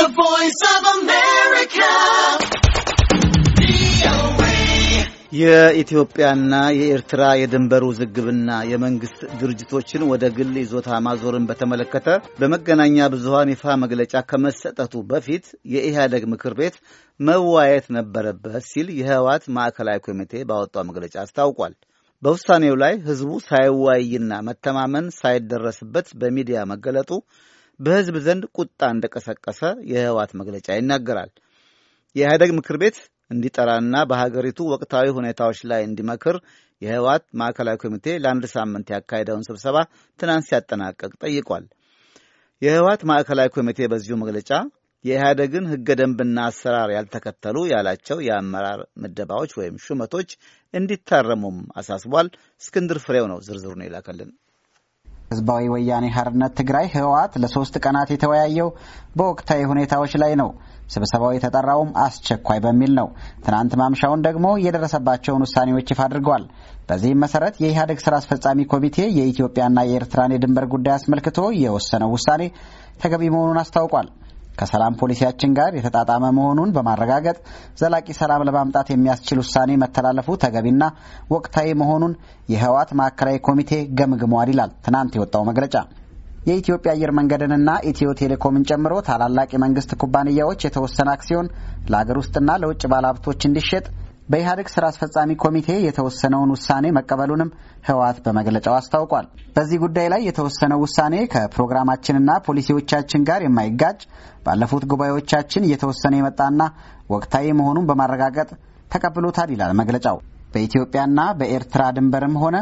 The Voice of America. የኢትዮጵያና የኤርትራ የድንበር ውዝግብና የመንግስት ድርጅቶችን ወደ ግል ይዞታ ማዞርን በተመለከተ በመገናኛ ብዙሃን ይፋ መግለጫ ከመሰጠቱ በፊት የኢህአደግ ምክር ቤት መዋየት ነበረበት ሲል የህወሓት ማዕከላዊ ኮሚቴ ባወጣው መግለጫ አስታውቋል። በውሳኔው ላይ ህዝቡ ሳይዋይና መተማመን ሳይደረስበት በሚዲያ መገለጡ በህዝብ ዘንድ ቁጣ እንደቀሰቀሰ የህወሓት መግለጫ ይናገራል። የኢህአደግ ምክር ቤት እንዲጠራና በሀገሪቱ ወቅታዊ ሁኔታዎች ላይ እንዲመክር የህወሓት ማዕከላዊ ኮሚቴ ለአንድ ሳምንት ያካሄደውን ስብሰባ ትናንት ሲያጠናቀቅ ጠይቋል። የህወሓት ማዕከላዊ ኮሚቴ በዚሁ መግለጫ የኢህአደግን ህገ ደንብና አሰራር ያልተከተሉ ያላቸው የአመራር ምደባዎች ወይም ሹመቶች እንዲታረሙም አሳስቧል። እስክንድር ፍሬው ነው ዝርዝሩን ይላከልን። ህዝባዊ ወያኔ ሀርነት ትግራይ ህወሓት ለሶስት ቀናት የተወያየው በወቅታዊ ሁኔታዎች ላይ ነው። ስብሰባው የተጠራውም አስቸኳይ በሚል ነው። ትናንት ማምሻውን ደግሞ የደረሰባቸውን ውሳኔዎች ይፋ አድርገዋል። በዚህም መሰረት የኢህአዴግ ስራ አስፈጻሚ ኮሚቴ የኢትዮጵያና የኤርትራን የድንበር ጉዳይ አስመልክቶ የወሰነው ውሳኔ ተገቢ መሆኑን አስታውቋል። ከሰላም ፖሊሲያችን ጋር የተጣጣመ መሆኑን በማረጋገጥ ዘላቂ ሰላም ለማምጣት የሚያስችል ውሳኔ መተላለፉ ተገቢና ወቅታዊ መሆኑን የህወሓት ማዕከላዊ ኮሚቴ ገምግሟል ይላል ትናንት የወጣው መግለጫ። የኢትዮጵያ አየር መንገድንና ኢትዮ ቴሌኮምን ጨምሮ ታላላቅ የመንግስት ኩባንያዎች የተወሰነ አክሲዮን ለአገር ውስጥና ለውጭ ባለሀብቶች እንዲሸጥ በኢህአዴግ ስራ አስፈጻሚ ኮሚቴ የተወሰነውን ውሳኔ መቀበሉንም ህወሓት በመግለጫው አስታውቋል። በዚህ ጉዳይ ላይ የተወሰነው ውሳኔ ከፕሮግራማችንና ፖሊሲዎቻችን ጋር የማይጋጭ ባለፉት ጉባኤዎቻችን እየተወሰነ የመጣና ወቅታዊ መሆኑን በማረጋገጥ ተቀብሎታል ይላል መግለጫው። በኢትዮጵያና በኤርትራ ድንበርም ሆነ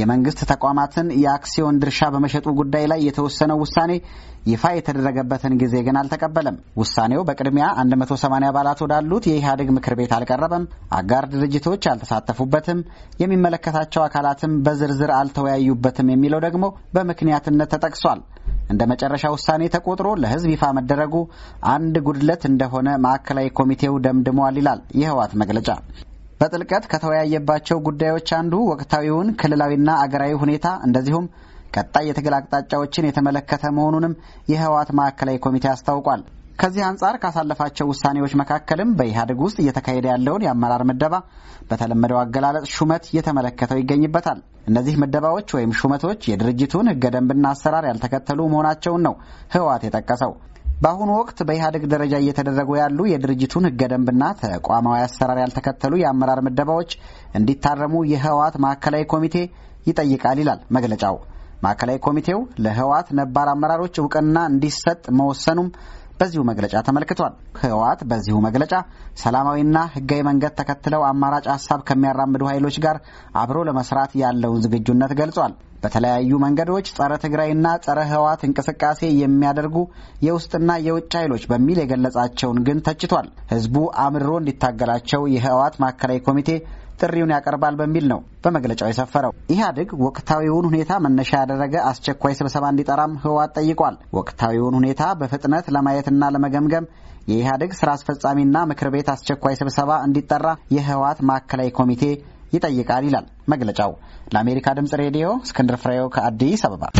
የመንግስት ተቋማትን የአክሲዮን ድርሻ በመሸጡ ጉዳይ ላይ የተወሰነው ውሳኔ ይፋ የተደረገበትን ጊዜ ግን አልተቀበለም። ውሳኔው በቅድሚያ 180 አባላት ወዳሉት የኢህአዴግ ምክር ቤት አልቀረበም፣ አጋር ድርጅቶች አልተሳተፉበትም፣ የሚመለከታቸው አካላትም በዝርዝር አልተወያዩበትም የሚለው ደግሞ በምክንያትነት ተጠቅሷል። እንደ መጨረሻ ውሳኔ ተቆጥሮ ለህዝብ ይፋ መደረጉ አንድ ጉድለት እንደሆነ ማዕከላዊ ኮሚቴው ደምድሟል ይላል የህወሓት መግለጫ። በጥልቀት ከተወያየባቸው ጉዳዮች አንዱ ወቅታዊውን ክልላዊና አገራዊ ሁኔታ እንደዚሁም ቀጣይ የትግል አቅጣጫዎችን የተመለከተ መሆኑንም የህወሓት ማዕከላዊ ኮሚቴ አስታውቋል። ከዚህ አንጻር ካሳለፋቸው ውሳኔዎች መካከልም በኢህአዴግ ውስጥ እየተካሄደ ያለውን የአመራር ምደባ በተለመደው አገላለጽ ሹመት እየተመለከተው ይገኝበታል። እነዚህ ምደባዎች ወይም ሹመቶች የድርጅቱን ህገ ደንብና አሰራር ያልተከተሉ መሆናቸውን ነው ህወሓት የጠቀሰው። በአሁኑ ወቅት በኢህአዴግ ደረጃ እየተደረጉ ያሉ የድርጅቱን ህገ ደንብና ተቋማዊ አሰራር ያልተከተሉ የአመራር ምደባዎች እንዲታረሙ የህወሓት ማዕከላዊ ኮሚቴ ይጠይቃል ይላል መግለጫው። ማዕከላዊ ኮሚቴው ለህወሓት ነባር አመራሮች እውቅና እንዲሰጥ መወሰኑም በዚሁ መግለጫ ተመልክቷል። ህወሓት በዚሁ መግለጫ ሰላማዊና ህጋዊ መንገድ ተከትለው አማራጭ ሀሳብ ከሚያራምዱ ኃይሎች ጋር አብሮ ለመስራት ያለውን ዝግጁነት ገልጿል። በተለያዩ መንገዶች ጸረ ትግራይና ጸረ ህወሓት እንቅስቃሴ የሚያደርጉ የውስጥና የውጭ ኃይሎች በሚል የገለጻቸውን ግን ተችቷል። ህዝቡ አምርሮ እንዲታገላቸው የህወሓት ማዕከላዊ ኮሚቴ ጥሪውን ያቀርባል በሚል ነው በመግለጫው የሰፈረው። ኢህአዴግ ወቅታዊውን ሁኔታ መነሻ ያደረገ አስቸኳይ ስብሰባ እንዲጠራም ህወሓት ጠይቋል። ወቅታዊውን ሁኔታ በፍጥነት ለማየትና ለመገምገም የኢህአዴግ ስራ አስፈጻሚና ምክር ቤት አስቸኳይ ስብሰባ እንዲጠራ የህወሓት ማዕከላዊ ኮሚቴ ይጠይቃል ይላል መግለጫው። ለአሜሪካ ድምጽ ሬዲዮ እስክንድር ፍሬው ከአዲስ አበባ